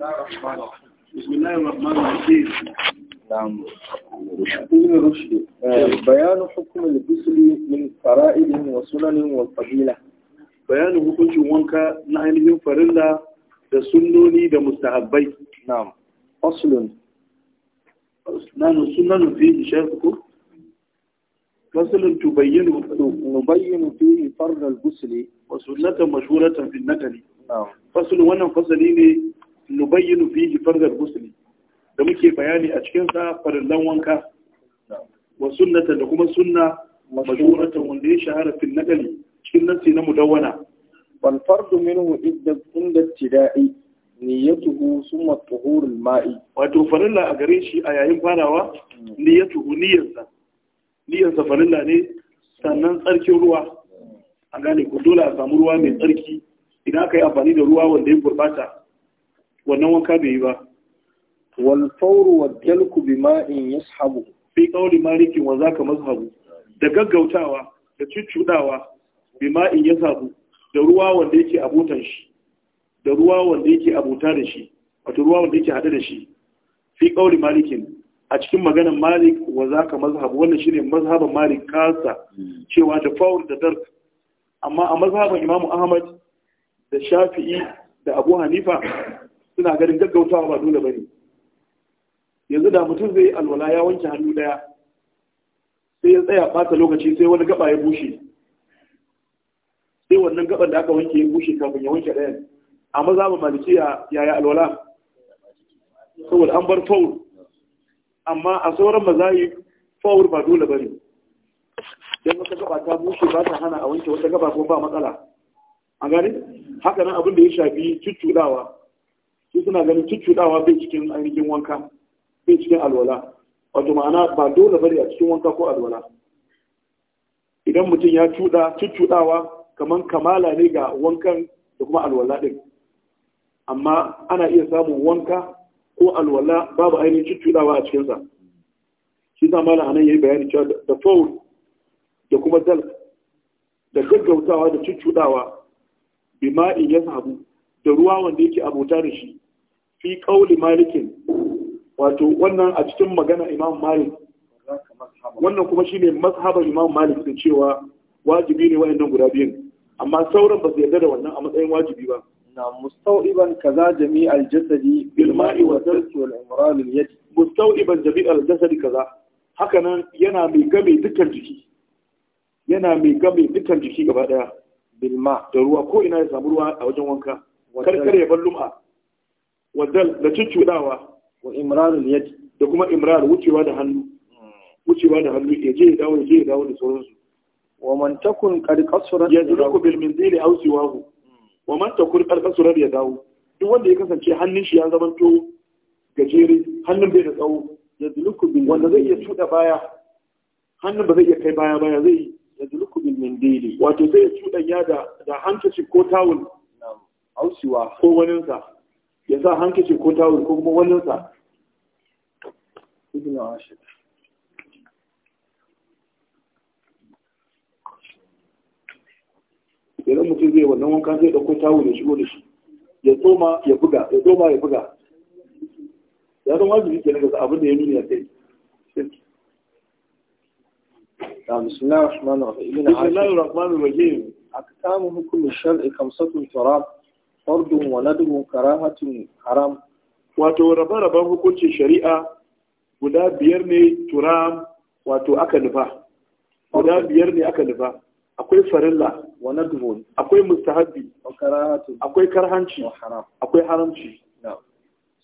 بسم الله الرحمن الرحيم نعم وشكون رشد بيان حكم البسل من فرائض وسنن والفضيلة بيان حكم جوانك نعين من فرلا دسنوني دمستحبي نعم أصل نعم سنن في شاركو فصل تبين نبين في فرد البسل وسنة مشهورة في النكل نعم فصل وانا فصليني nubayyinu fihi fardal ghusli da muke bayani a cikin sa farillan wanka wa sunnata da kuma sunna majuratan wanda ya shahara fil naqli cikin nasi na mudawwana wal fardu minhu idda inda tida'i niyyatuhu summa tuhur al ma'i wato farilla a gare shi a yayin farawa niyyatuhu niyyarsa niyyarsa farilla ne sannan tsarkin ruwa an gane ku dole a samu ruwa mai tsarki idan aka yi amfani da ruwa wanda ya gurbata wannan wanka bai yi ba wal fawru wa dalku bima'in yashabu fi qawli malikin wa zaka mazhabu da gaggautawa da cuccudawa bima'in yashabu da ruwa wanda yake abutan shi da ruwa wanda yake abuta da shi wato ruwa wanda yake hada da shi fi qawli malikin a cikin maganar malik wa zaka mazhabu wannan shine mazhaban malik kasa hmm. cewa da fawr da dark amma a mazhaban imamu ahmad da shafi'i da abu hanifa suna ganin gaggautawa ba dole bane yanzu da mutum zai alwala ya wanke hannu daya sai ya tsaya bata lokaci sai wani gaba ya bushe sai wannan gaban da aka wanke ya bushe kafin ya wanke ɗayan za mu ba maliki yaya alwala saboda an bar faul amma a sauran mazayi faul ba dole bane dan wata gaba ta bushe ba ta hana a wanke wata gaba ko ba matsala a gani haka nan abin da ya shafi cuccudawa su suna ganin cuccuɗawa bai cikin ainihin wanka bai cikin alwala wato ma'ana ba dole bari a cikin wanka ko alwala idan mutum ya cuɗa cuccuɗawa kamar kamala ne ga wankan da kuma alwala ɗin amma ana iya samun wanka ko alwala babu ainihin cuccuɗawa a cikinsa shi sa malam anan yi bayani cewa da faul da kuma dal da gaggautawa da cuccuɗawa bima'in ya sabu da ruwa wanda yake abota da shi fi kauli malikin wato wannan a cikin magana imam malik wannan kuma shine mazhabar imam malik da cewa wajibi ne wayannan guda biyun amma sauran ba su yarda da wannan a matsayin wajibi ba na mustawiban kaza jami aljasadi bil ma'i wa darsi wal imran al yadi mustawiban jami aljasadi kaza hakanan yana mai game dukkan jiki yana mai game dukkan jiki gaba daya bil ma da ruwa ko ina ya samu ruwa a wajen wanka Kar kar ya bar lum'a wadal da cuccudawa wa imrarul yad da kuma imrar wucewa da hannu wucewa da hannu ya je ya dawo ya je ya dawo da sauransu wa man takun qad Ya zuku bil minzili aw siwahu wa man takun qad qasura ya dawo duk wanda ya kasance hannun shi ya zamanto gajere hannun bai da tsawo zuku bil wanda zai iya tuda baya hannun ba zai iya kai baya baya zai zuku bil minzili wato zai tuda ya da da hankacin ko tawul aw siwa ko waninsa ya sa hankici ko tawul ko kuma wallinsa ibn ashir idan mutum zai wannan wankan zai ɗauko tawul ya shigo da shi ya tsoma ya buga ya tsoma ya buga ya zama wajibi ke daga abin da ya nuna ya kai بسم الله الرحمن الرحيم بسم الله الرحمن الرحيم أقسام حكم الشرع خمسة تراب fardun waladun karahatin haram wato raba-raban hukuncin shari'a guda biyar ne turam wato aka nufa guda biyar ne aka nufa akwai farilla wa nadhun akwai mustahabbi akwai karhanci akwai haramci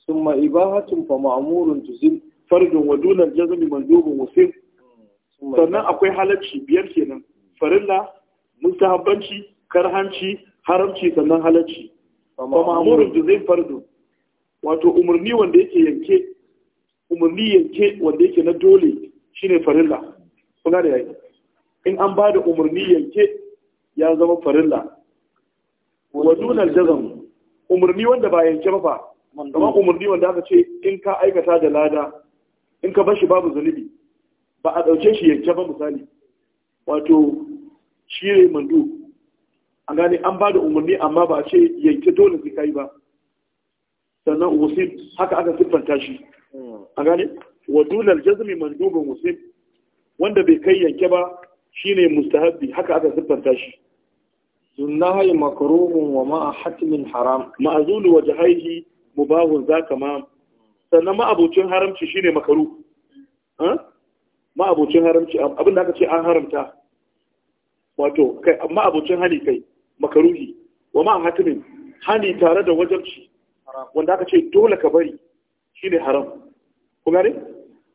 summa ibahatun fa ma'murun tuzil fardun wa dunan jazmi mandubun wasim hmm. sannan akwai halacci biyar kenan farilla mustahabbanci karhanci haramci sannan halacci fa ma'murun bi zai fardu wato umarni wanda yake yanke umarni yanke wanda yake na dole shine farilla kuna da yaki in an ba da umarni yanke ya zama farilla wa dunar jazam umarni wanda ba yanke ba fa kamar umarni wanda aka ce in ka aikata da lada in ka bashi babu zunubi ba a ɗauke shi yanke ba misali wato shi mandu an gane an ba da umarni amma ba ce yanke dole sai kai ba sannan wasif haka aka siffanta shi an gane wa dunal jazmi mandubun wasif wanda bai kai yanke ba shine mustahabbi haka aka siffanta shi sunnahi makruhun wa ma'a hatmin haram ma'zulu wajhaihi mubahun zaka ma sannan ma'abocin haramci shine makaru Ma'abocin haramci abinda aka ce an haramta wato kai ma'abucin hali kai makaruhi wa ma hatimin hani tare da wajabci wanda aka ce dole ka bari shine haram ku gane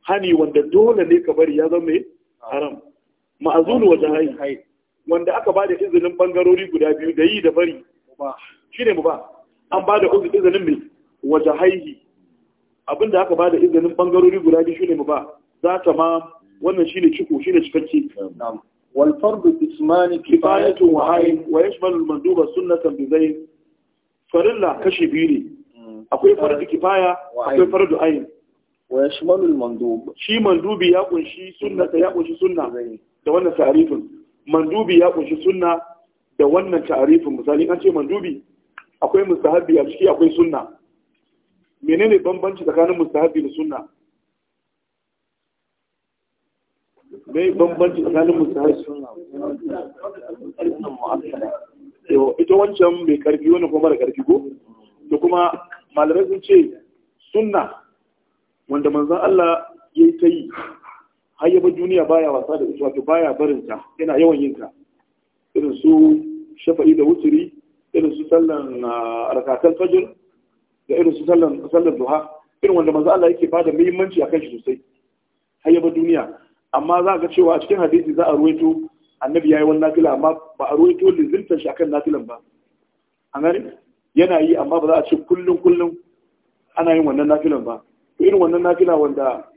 hani wanda dole ne ka bari ya zama haram ma'azunu wa jahai wanda aka ba da izinin bangarori guda biyu da yi da bari shine mu ba an ba da izinin mai wa haihi, abinda aka ba da izinin bangarori guda biyu shine mu ba za ta ma wannan shi ne ciko shi ne cikakke والفرض اسمان كفاية وعين ويشمل المندوب سنة بزين akwai fardu kifaya akwai fardu ayin shi mandubi ya kunshi sunna ya kunshi sunna da wannan ta'rifin mandubi ya kunshi sunna da wannan ta'rifin misali an ce mandubi akwai mustahabi a ciki akwai sunna menene bambanci tsakanin mustahabi da sunna bai bambanci tsakanin musulmai ita wancan mai karfi wani kuma mara karfi ko da kuma malamai sun ce sunna wanda manzan Allah ya yi ta yi hayyaba duniya baya wasa da ita wato baya barinta yana yawan yin ta irin su shafa'i da wuturi irin su sallan ah, rakakan fajr da irin su sallan sallan duha irin wanda manzan Allah yake bada muhimmanci akan shi sosai hayyaba duniya amma za ga cewa cikin hadisi za a ruwaito annabi ya yi wani nafila amma ba a ruwaito lizinta shi akan nafilan ba A gani yana yi amma ba za a ce kullum kullum ana yin wannan nafilan ba to irin wannan nafila wanda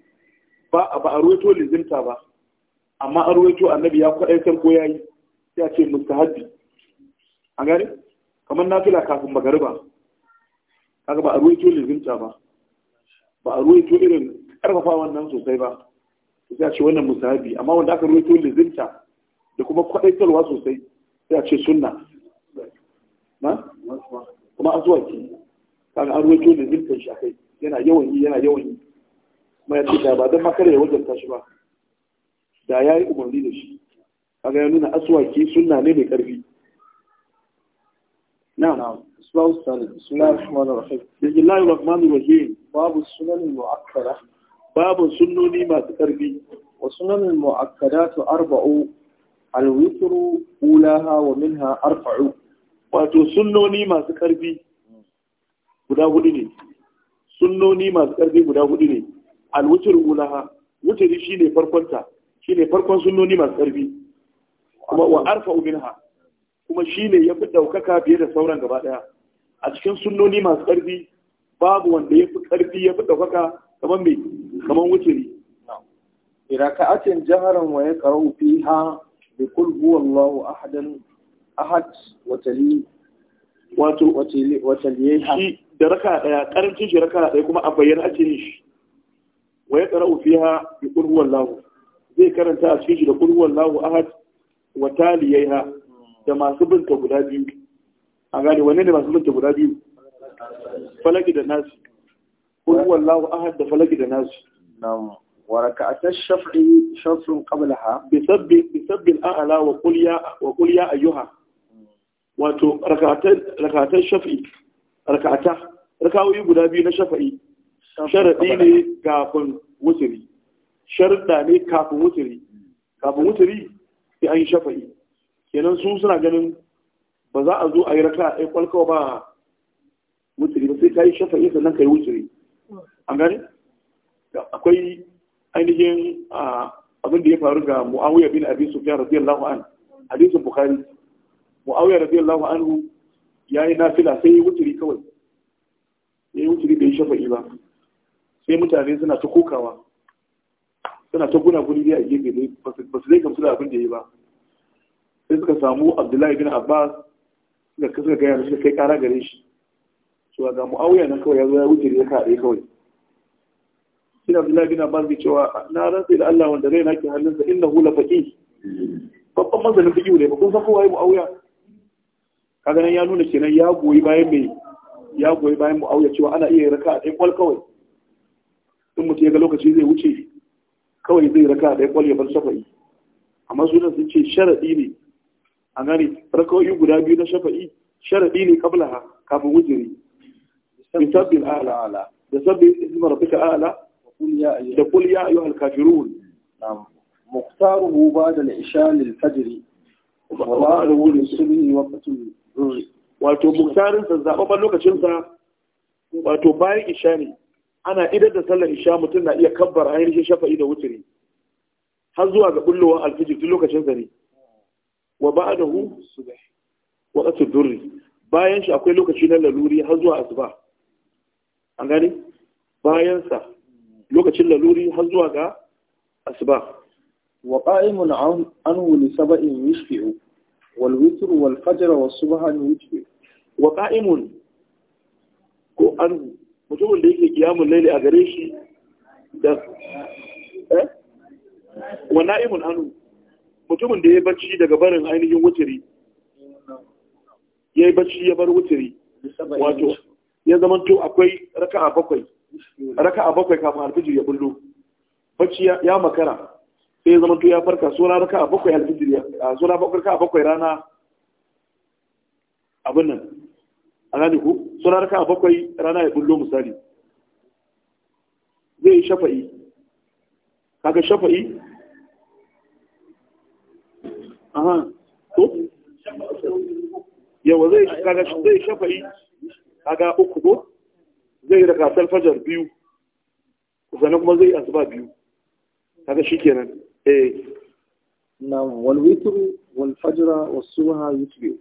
ba ba a ruwaito lizinta ba amma a ruwaito annabi ya kwaɗaitar ko ya yi, ya ce mustahabbi a gane kamar nafila kafin magariba kaga ba a ruwaito lizinta ba ba a ruwaito irin karfafa wannan sosai ba sai a ce wannan musahabi amma wanda aka ruwaito lizinta da kuma kwaɗaitarwa sosai sai a ce sunna na kuma azwaki kaga an ruwaito lizintan shi akai yana yawan yi yana yawan yi kuma ya ce da ba don makare ya wajen shi ba da ya yi umarni da shi kaga ya nuna aswaki sunna ne mai karfi نعم بسم الله الرحمن الرحيم بسم الله الرحمن الرحيم باب السنن المؤكده babun sunnoni masu ƙarfi wa sunanin mu'akkadatu arba'u alwitru ulaha wa minha arfa'u wato sunnoni masu ƙarfi guda hudu ne sunnoni masu ƙarfi guda hudu ne alwitru ulaha wuturi shine farkonta shine farkon sunnoni masu ƙarfi kuma wa arfa'u minha kuma shine yafi daukaka fiye da sauran gaba daya a cikin sunnoni masu ƙarfi babu wanda yafi ƙarfi yafi daukaka kamar mai kamar wuturi raka'atin jaharan wa fi ha bi qul huwallahu ahadan ahad wato watali watali wa Shi da raka daya karancin shi raka daya kuma a bayyana ake yin shi wa fi ha bi qul huwallahu zai karanta a cikin shi da qul huwallahu ahad wa ha da masu binta guda biyu a gane wanne ne masu binta guda biyu falaki da nasi qul huwallahu ahad da falaki da nasi نعم وركعة الشفع شرط قبلها بسب بسب الأعلى وقل يا وقل يا أيها wato rakatan shafi'i rakata rakawoyi guda biyu na shafi'i sharaɗi ne kafin wuturi sharaɗa ne kafin wuturi kafin wuturi sai an yi shafi'i kenan su suna ganin ba za a zo a yi raka a kwalkawa ba wuturi ba sai ka yi shafi'i sannan ka yi wuturi an gani akwai ainihin abin da ya faru ga mu'awiyar bin abin sufiyar radiyallahu an hadisun bukhari mu'awiyar radiyallahu anhu ya yi nafila sai ya wuturi kawai ya yi wuturi ya shafa'i ba sai mutane suna ta kokawa suna ta guna guri a gefe ne ba su zai gamsu da abin da ya yi ba sai suka samu abdullahi bin abbas suka kasa gaya da suka kai kara gare shi cewa ga mu'awiyar nan kawai ya zo ya wuturi ya kaɗe kawai Ina Abdullahi bin Abbas ke cewa na rantsa da Allah wanda raina ke hannunsa innahu la faqih babban mazanin fiqh ne ba kun san kowa yayi auya? kaga nan ya nuna kenan ya goyi bayan mai ya goyi bayan mu'awiya cewa ana iya raka a ɗayan kwal kawai in mutum ya ga lokaci zai wuce kawai zai raka a ɗayan kwal ya bar shafa'i amma sunan sun ce sharaɗi ne a gani, rakawai guda biyu na shafa'i sharaɗi ne kabla kafin wujiri da sabbin ala da sabbin ismar rabbika ala da kul ya ayyuhal kafirun muktaruhu ba'da al-isha lil fajr wa wato muktarin sa zababban lokacin sa wato bayan isha ne ana idar da sallar isha mutum na iya kabbar shi shafa'i da wuturi har zuwa ga bullowar alfijir tun lokacin sa ne wa ba'dahu waqtul durri bayan shi akwai lokaci na laluri har zuwa asuba an gani bayan sa lokacin laluri har zuwa ga asuba wa qa'imun an li sab'in yushfi'u wal witr wal fajr wa subha yushfi'u wa qa'imun ko an mutumin da yake kiyamul laili a gare shi da eh? wa na'imun an mutumin da ya bacci daga barin ainihin wuturi ya yi bacci ya bar wuturi wato ya zama to akwai raka'a bakwai a bakwai kafin alfijir ya bullo bacci ya makara sai zama to ya farka raka a bakwai alfijir ya sura bakwai a bakwai rana abin nan a gane ku raka a bakwai rana ya bullo misali zai yi shafa'i kaga shafa'i aha to yawa zai kaga zai shafa'i kaga uku ko zai yi kasar fajar biyu sannan kuma zai yi asuba biyu haka shi kenan eh na walwitru wal fajra was subha yutbi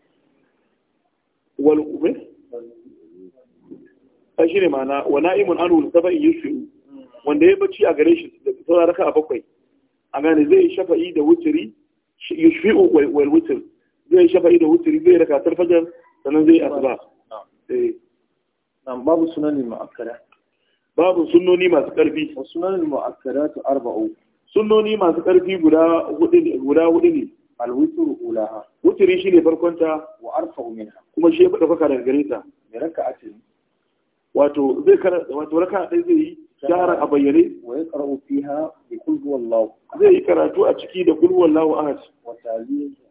wal ube a shi ne ma'ana wa na'imun anu da saba'i yusbi wanda ya bacci a gare shi da sauran raka a bakwai a gane zai shafa'i da wutiri yushfi'u wal wutr zai shafa'i da wutiri zai rakatar fajar sannan zai asuba eh nan babu sunanin mu'akkada babu sunnoni masu ƙarfi sunanin mu'akkada ta arba'u sunnoni masu ƙarfi guda hudu ne alwutur ulaha wuturi shine ne ta wa arfa'u minha kuma shi fa faka daga gare ta ne raka'atin wato zai kar wato raka dai zai yi jahara a bayyane wa yaqra'u fiha bi kul huwallahu zai yi karatu a ciki da kul huwallahu ahad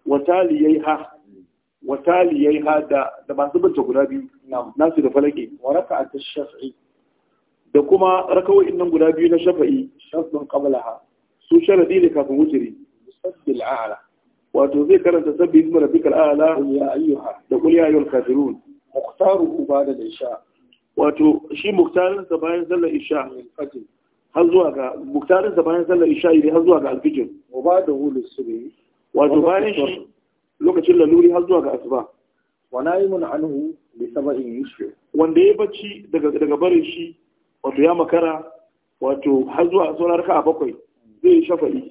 wa ha. watali yayi hada da masu binta guda biyu nasu da falaki wa raka'at ash-shaf'i da kuma raka'o'in nan guda biyu na shafa'i shafin qablaha su sharadi ne kafin wuturi musabbil a'la wato zai karanta sabbi ismi rabbikal a'la ya da qul ya ayyuhal kafirun mukhtaru ba'da al wato shi mukhtarin bayan sallar isha har zuwa ga muktarin bayan sallar isha ne har zuwa ga alfijir wa ba da hulus subhi wato bayan shi lokacin laluri har zuwa ga asuba wa na'imun anhu bi sab'in yushri wanda ya bacci daga daga barin shi wato ya makara wato har zuwa sauran raka'a bakwai zai shafa'i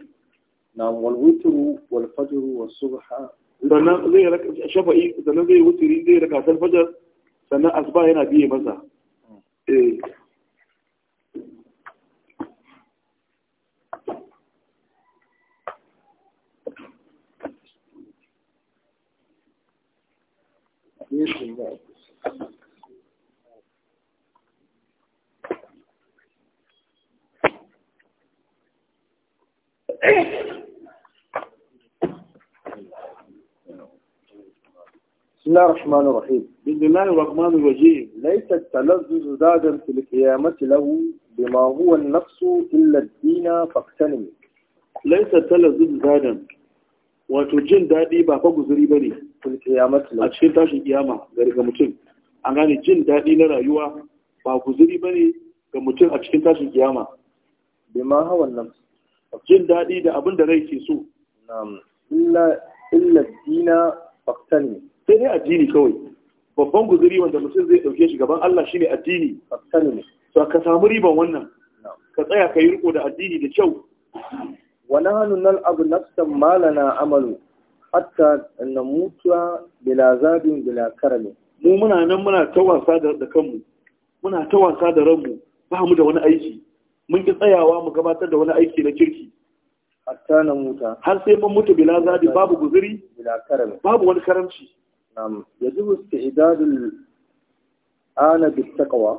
na wal witru wal fajr was subha sannan zai raka shafa'i sannan zai wutiri zai raka fajr sannan asuba yana biye masa hmm. eh تحديد الله بسم الله الرحمن الرحيم بسم الله الرحمن الرحيم ليس التلذذ زادا في القيامة له بما هو النفس إلا الدين فاغتنم ليس التلذذ زادا wato jin daɗi ba fa guzuri ba ne a cikin tashin kiyama ga mutum an gane jin daɗi na rayuwa ba guzuri ba ne ga mutum a cikin tashin kiyama bai ma hawa nan jin daɗi da abin da rai ke so illa dina faktani sai dai addini kawai babban guzuri wanda mutum zai ɗauke shi gaban Allah shine addini faktani ne ka samu riban wannan ka tsaya ka yi riko da addini da kyau ونحن نلعب نفسا ما لنا عمل حتى نموت بلا زاد بلا كرم mu muna nan muna ta wasa da kanmu muna ta wasa da ranmu ba mu da wani aiki mun ki tsayawa mu gabatar da wani aiki na kirki hatta na muta har sai mun mutu bila zabi babu guzuri bila karami babu wani karamci na'am yajibu istidadul ana bit taqwa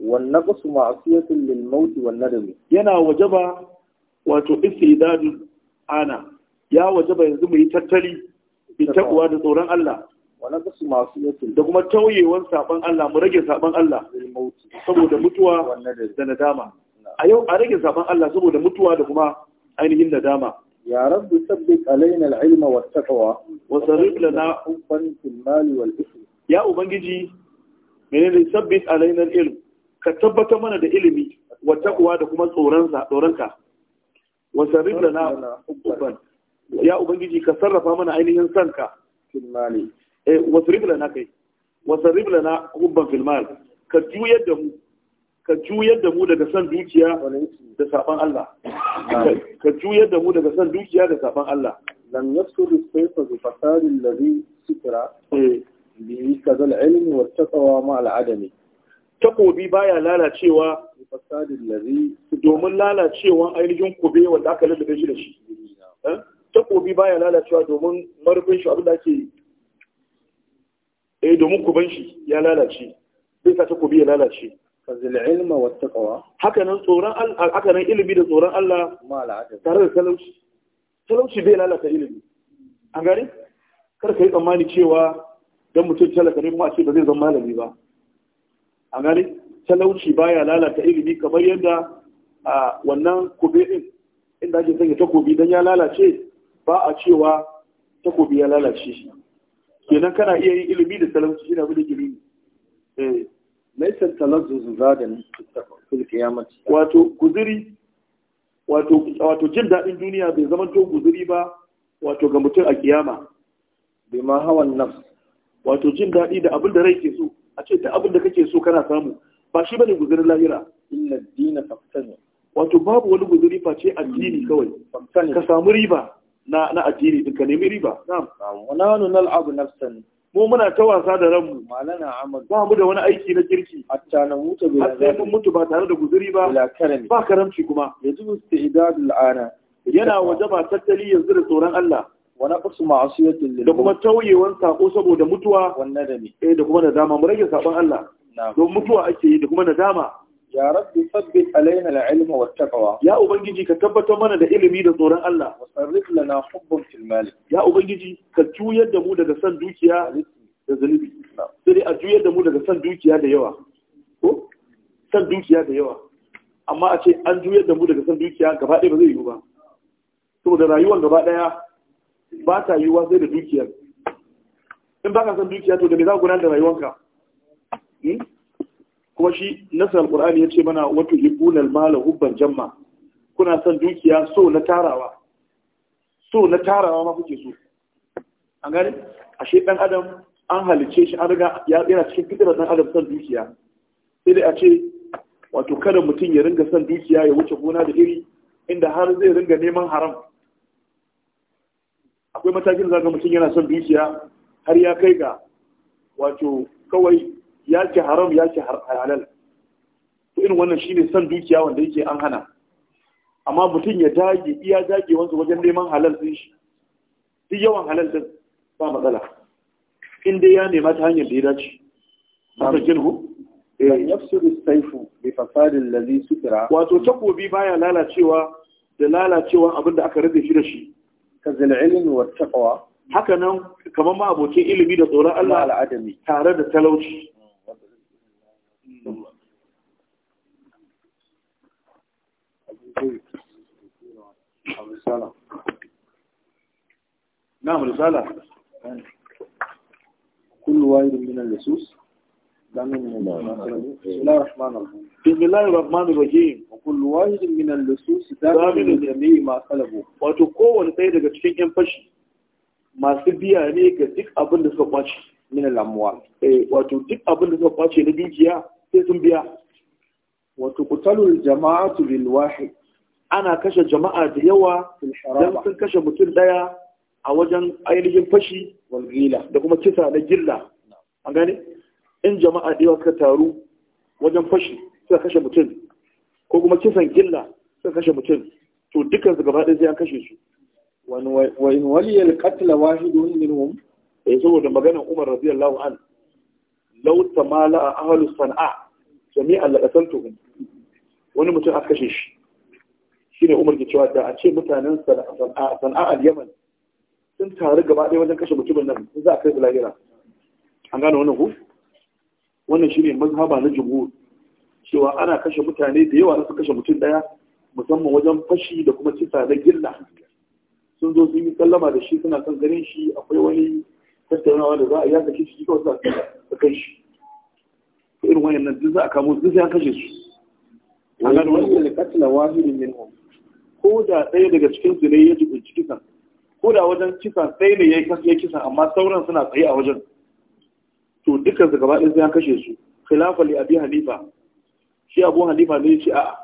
wan naqsu ma'siyatin lil maut wan nadam yana wajaba wato istidadul ana ya waje ba yanzu mu yi tattali bi takwa da tsoron Allah wala su masu yakin da kuma tauyewan saban Allah mu rage saban Allah saboda mutuwa da nadama a yau a rage saban Allah saboda mutuwa da kuma ainihin nadama يا رب ثبت علينا العلم والتقوى وصرف لنا حبا في المال والإثم يا menene من ثبت علينا العلم ka tabbata mana da ilimi wa taqwa da kuma tsoronka wasarrif lana hubban ya ubangiji ka sarrafa mana ainihin sanka fil mali eh wasarrif kai wasarrif lana hubban fil mal ka da mu ka juyar da mu daga san dukiya da saban Allah ka juyar da mu daga san dukiya da saban Allah lan yasur sayfa bi fasari alladhi sitra bi kaza al-ilm wa taqwa ma al-adami takobi baya lalacewa fasadin lari domin lalacewan ainihin kube wanda aka lullube shi da shi eh? takobi baya lalacewa domin marufin shi abin da ake eh domin kuban shi ya lalace sai ta takobi ya lalace fazil ilma wa taqwa haka nan tsoron Allah haka nan ilimi da tsoron Allah tare da talauci talauci bai lalata ilimi an gane kar ka yi tsammani cewa dan mutum talaka ne kuma a ce ba zai zama malami ba an gane talauci baya lalata ilimi kamar yadda a wannan kube din inda ake sanya takobi dan ya lalace ba a cewa takobi ya lalace shi kenan kana iya yin ilimi da talauci shi na bude ilimi eh laisa talazzuzu zadan fil qiyamah wato guzuri wato wato jin dadin duniya bai zama to guzuri ba wato ga mutum a kiyama bima hawan nafs wato jin dadi da abin da rai ke so a ce da abin da kake so kana samu ba shi bane guzurin lahira dina wato babu wani guzuri face addini mm, kawai ka samu riba na na addini din ka nemi riba na'am wana nu nal'abu nafsan mu muna ta wasa da ranmu malana amal ba mu da wani aiki na kirki hatta na mutu bi hatta mun mutu ba tare da guzuri ba ba karamci kuma yanzu istidad al'ana yana wajaba tattali yanzu da tsoron Allah wa naqsu ma'asiyatin lil da kuma tauyewan sako saboda mutuwa wannan da ne eh da kuma da dama mu rage sabon Allah don mutuwa ake yi da kuma nadama ya rabbi sabbit alaina al-ilm wa taqwa ya ubangiji ka tabbatar mana da ilimi da tsoron Allah wa sarrif lana hubban fil mal ya ubangiji ka juyar da mu daga san dukiya da zalibi sai a juyar da mu daga san dukiya da yawa ko san dukiya da yawa amma a ce an juyar da mu daga san dukiya gaba ɗaya ba zai yiwu ba saboda rayuwar gaba ɗaya ba ta yiwuwa sai da dukiyar in ba ka san dukiya to da me za ku gudanar da rayuwarka. Eh? kuma shi nasar ya ce mana wato ibuna almala hubban jamma kuna son dukiya so na tarawa so na tarawa ma kuke so an gane ashe ɗan adam an halice shi an riga ya yana cikin fitrar dan adam son dukiya sai dai a ce wato kada mutum ya ringa son dukiya ya wuce gona da iri inda har zai ringa neman haram akwai matakin zaga mutum yana son dukiya har ya kai ga wato kawai ya ce haram ya ce halal to irin wannan shine san dukiya wanda yake an hana amma mutum ya dage iya wansu wajen neman halal din shi duk yawan halal din ba matsala in dai ya nema ta hanyar da ya dace masu kinhu yafsiru saifu bi fasadin lazi sukira wato takobi baya lalacewa da lalacewa abinda aka rage shi da shi ka zal'ilmi wa taqwa haka nan kamar ma abokin ilimi da tsoron Allah al'adami tare da talauci نعم رسالة كل واحد من اللصوص بسم الله الرحمن الرحيم وكل واحد من اللصوص دامن جميع ما طلبوا wato kowanne ɗaya daga cikin yan fashi masu biya ne ga duk abin da suka kwace wato duk abin da suka na sai sun biya wato kutalul jama'atu bil wahid ana kashe jama'a da yawa dan sun kashe mutum daya a wajen ainihin fashi wal gila da kuma kisa na gilla an gane in jama'a da yawa suka taru wajen fashi suka kashe mutum ko kuma kisan gilla suka kashe mutum to dukkan su gaba ɗaya sai an kashe su wa in waliyal qatl wahidun minhum eh saboda maganar Umar radiyallahu an law tamala ahlus sana'a. jami'an laƙasaltu wani mutum aka kashe shi shi ne umar ke cewa da a ce mutanen Al yaman sun taru gaba ɗaya wajen kashe mutumin nan za a kai su lahira an gane wannan ku wannan shi ne mazhaba na jumhur cewa ana kashe mutane da yawa na su kashe mutum ɗaya musamman wajen fashi da kuma cisa na gilla sun zo sun yi sallama da shi suna son ganin shi akwai wani tattaunawa da za a haka shi shi kawai sa kai shi irin wayannan duk za a kamo duk ya kashe su an gano wani katila wahidin minhum ko da ɗaya daga cikin su ne ya jibinci kisan ko da wajen kisan ɗaya ne ya yi kisan amma sauran suna tsaye a wajen to dukkan su gaba ɗaya ya kashe su khilafa li abi hanifa shi abu hanifa ne ce a'a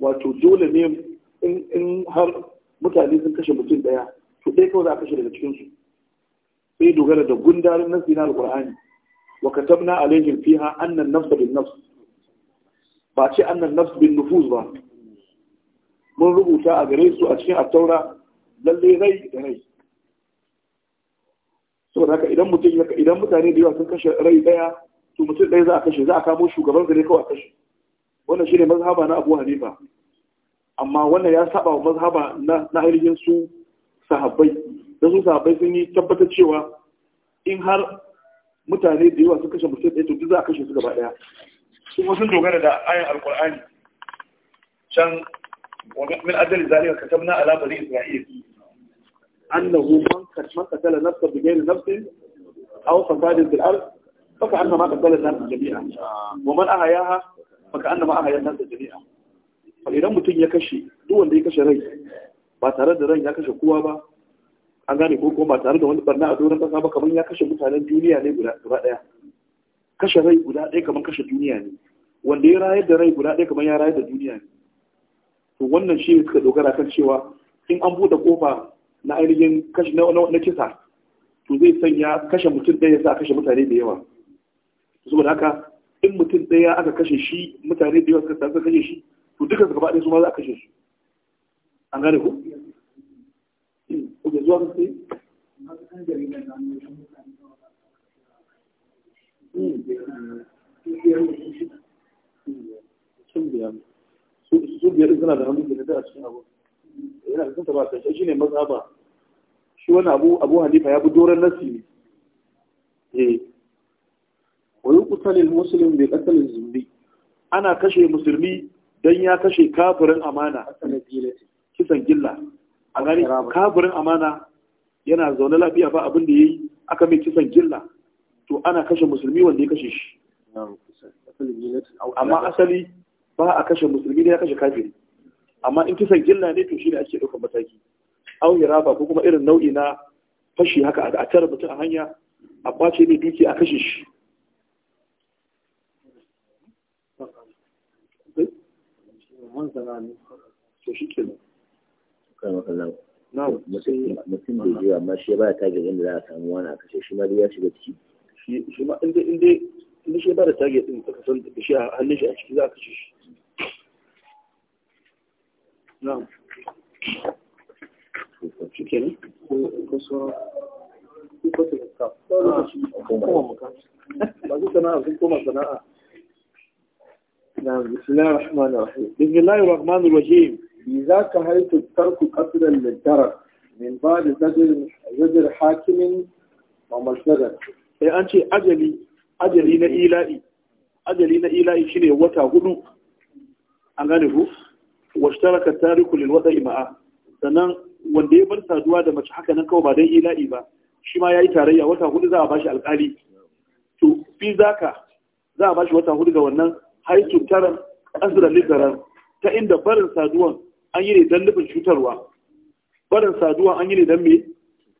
wato dole ne in har mutane sun kashe mutum ɗaya to ɗaya kawai za a kashe daga cikinsu sai dogara da gundarin nasi na alƙur'ani wa katabna alaihim fiha anna an-nafs bin nafs ba ce anna an-nafs bin nufuz ba mun rubuta a gare su a cikin at-taura rai da rai saboda haka idan mutum idan mutane da yawa sun kashe rai daya to mutum ɗaya za a kashe za a kamo shugaban gare kawai a kashe wannan shine mazhaba na Abu Hanifa amma wannan ya saba wa mazhaba na na ainihin su sahabbai da su sahabbai sun yi tabbatar cewa in har mutane da yawa sun kashe mutum ɗaya to duk za a kashe su gaba ɗaya kuma sun dogara da ayan alkur'ani can min ajali zalika katabna ala bani isra'il annahu man man qatala nafsa bi ghayri nafsin aw fasadin fil ard fa ka annama qatala an-nafs jami'an wa man ahyaha fa ka annama ahya an-nafs jami'an fa idan mutum ya kashe duk wanda ya kashe rai ba tare da ran ya kashe kowa ba an gane ko kuma tare da wani barna a doron kasa ba kamar ya kashe mutanen duniya ne guda ɗaya kashe rai guda ɗaya kamar kashe duniya ne wanda ya rayar da rai guda ɗaya kamar ya rayar da duniya ne to wannan shi suka dogara kan cewa in an buɗe kofa na ainihin kashe na kisa to zai sanya kashe mutum ɗaya ya sa kashe mutane da yawa saboda haka in mutum ɗaya aka kashe shi mutane da yawa suka kashe shi to duka su gaba ɗaya su ma za a kashe su an gane ko. kuke zuwa kuke su biyar suna da hannun da a cikin abu yana da ta shi ne shi wani abu abu hanifa ya bi doron nasi ne eh zumbi ana kashe musulmi dan ya kashe kafirin amana kisan gilla a gani kafirin amana yana zaune lafiya ba abin da ya yi aka mai kisan gilla to ana kashe musulmi wanda ya kashe shi amma asali ba a kashe musulmi ne ya kashe kafiri amma in kisan gilla ne to shi ne ake ɗaukar mataki au raba ko kuma irin nau'i na fashi haka a tara mutum a hanya a kwace mai duki a kashe shi to shi kenan kan kallon mutum da jiwa amma shi ba target inda za a samu wani a kashe shi ma ya shiga ciki shi ma inda inda inda shi ba da target din ka san da shi a hannun shi a ciki za a kashe shi na'am shi kenan ko sauran بسم الله الرحمن الرحيم بسم الله الرحمن الرحيم إذا كهيت الترك قصدا للدرك من بعد زجر زجر حاكم ومشدد sai an ce ajali ajali na ila'i ajali na ila'i shine wata hudu an gane ku washtaraka tariku lil wada'i ma'a sannan wanda ya bar saduwa da mace haka nan kawai ba dan ila'i ba shi ma yi tarayya wata hudu za a bashi alƙali to fi zaka za a bashi wata hudu ga wannan haitun taran asra litaran ta inda barin saduwan an yi ne don nufin cutarwa barin saduwa an yi ne don me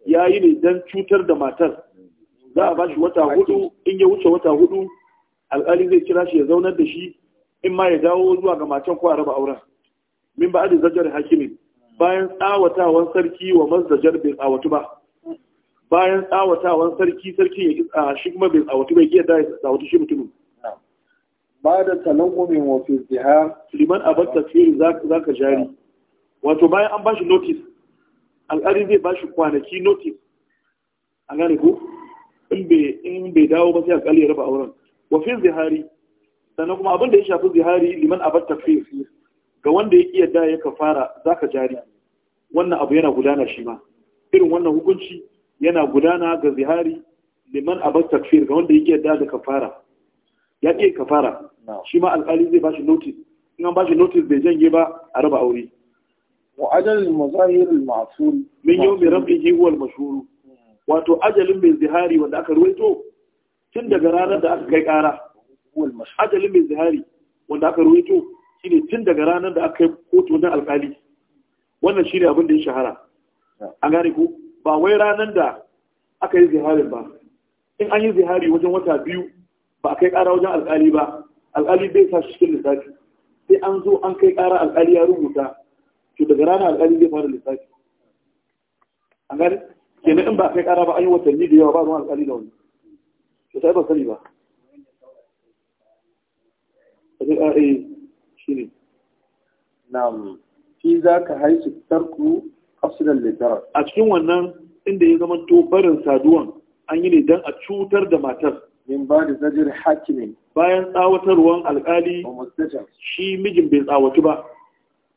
ya yi ne don cutar da matar za a ba shi wata hudu in ya wuce wata hudu alƙali zai kira shi ya zaunar da shi in ma ya dawo zuwa ga matan ko a raba auren min ba da zajar hakimi bayan tsawatawan sarki wa mazajar bai tsawatu ba bayan tsawatawan sarki sarki ya shi kuma bai tsawatu bai iya da ya tsawatu shi mutumin ba da talangumin wato zihar liman abar tafiye za ka jari wato bayan an bashi notice al'adun zai bashi kwanaki notice a gane ko in bai dawo ba sai alƙali ya raba auren wafin zihari sannan kuma abin da ya shafi zihari liman abar tafiye ga wanda ya iya da ya kafara za ka jari wannan abu yana gudana shi ma irin wannan hukunci yana gudana ga zihari liman abar tafiye ga wanda ya iya da da kafara ya ke kafara shi ma alƙali zai bashi notis in an bashi notis bai janye ba a raba aure wa ajalin mazahir al-ma'sul min yawmi rabbihi huwa al-mashhur hmm. wato ajalin mai zihari wanda aka ruwaito tun daga ranar da aka kai ƙara ajalin mai zihari wanda aka ruwaito shine tun daga ranar da aka kai kotu na alƙali wannan shine abin da ya shahara an gane ku ba wai ranar da aka yi ziharin ba in an yi zihari wajen wata biyu ba kai ƙara wajen alƙali ba alƙali bai sa shi cikin lissafi sai an zo an kai ƙara alƙali ya rubuta to daga rana alƙali zai fara lissafi an gani na in ba kai ƙara ba an yi watanni da yawa ba ruwan alƙali da wani to sai ba sani ba ah, eh, ne nam Shi za ka haisu tarku asirin littara a cikin wannan inda ya zama to barin saduwan an yi ne don a cutar da matar min ba da zajir hakimin bayan tsawatarwan alkali shi mijin bai tsawatu ba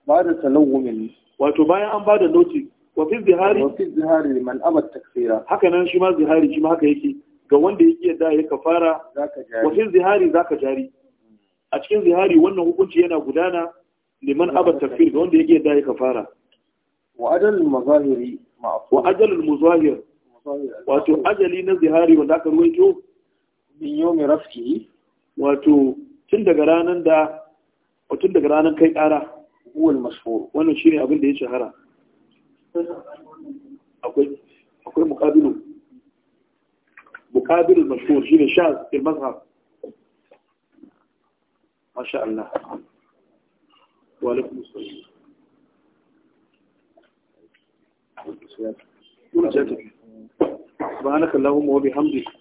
ba da talawumin wato bayan an ba da noti wa fi zihari wa fi zihari man abad taksira haka nan shi ma zihari shi ma haka yake ga wanda yake yadda ya kafara wa fi zihari zaka jari a cikin zihari wannan hukunci yana gudana liman abad takfir ga wanda yake yadda ya kafara wa ajalul mazahiri wa ajalul muzahir wato ajali na zihari wanda aka ruwaito min yawmi rafki? wato tun daga ranar da tun daga ranar kai kara huwal mashhur wannan shine abin da ya shahara akwai mukabilu muqabilu muqabilul shi shine sha fil mazhab masha Allah wa ba na subhanaka allahumma wani bihamdika